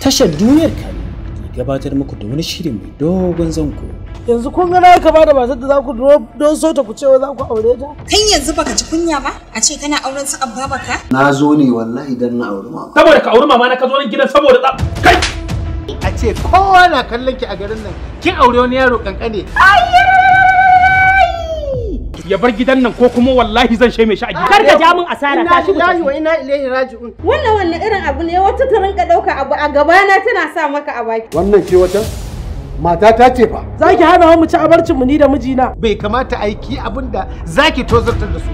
tashar duniyar kano ke gabatar muku da wani shiri mai dogon zango yanzu kun gana ka ba da matar da za ku don so ta ku cewa za ku aure ta kan yanzu baka ci kunya ba a ce kana auren su abba baka na zo ne wallahi idan na auri mama saboda ka auri mama na ka zo nan gidan saboda ta kai a ce kowa na kallon ki a garin nan kin aure wani yaro kankane ayyar ya bar gidan nan ko kuma wallahi zan sheme shi a gida kar ka ja min asara ta shi wallahi wa ina ilaihi raji'un wannan wannan irin abu ne wata ta rinka dauka abu a gaba na tana sa maka a baki wannan ce wata mata ta ce fa zaki hana mu ci abarcin mu ni da mijina bai kamata a yi aiki abinda zaki tozartar da su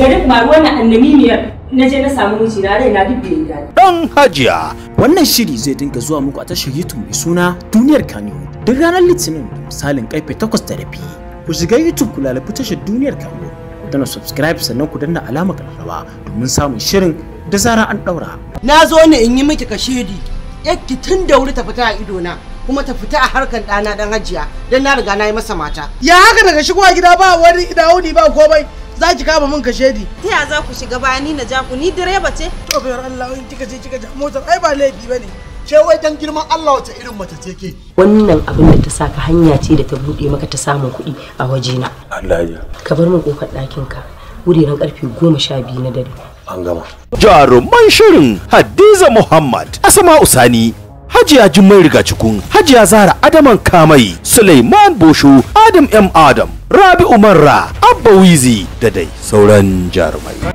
garin maruwa na annami na je na samu mijina rai na duk bai daɗi. Dan Hajiya wannan shiri zai dinga zuwa muku a tashar YouTube mai suna Duniyar Kano duk ranar Litinin misalin karfe 8 da rabi. ku shiga YouTube ku lalabi tashar duniyar kallo ku subscribe sannan ku danna alamar karrawa domin samun shirin da zara an daura na zo ne in yi miki kashedi yakki tun da wuri ta fita a ido na kuma ta fita a harkan dana dan hajiya dan na riga na yi masa mata ya haka daga shigowa gida ba wani daudi ba komai za ki kama min kashedi ta ya za ku shiga ba ni na ja ku ni direba ce to bayar Allah in kika je kika ja motar ai ba laifi bane ke wai dan girman Allah wace irin mace ce ke wannan abin da ta saka hanya ce da ta bude maka ta samun kuɗi a wajena Allah ya ka bar min kofar ɗakin ka wuraren karfe goma sha biyu na dare an gama jaruman shirin hadiza muhammad asma usani Hajiya Jummai Rigacikun, Hajiya Zahra Adaman Kamai, Suleiman Bosho, Adam M. Adam, Rabi Umarra, Abba Wizi da dai sauran jarumai.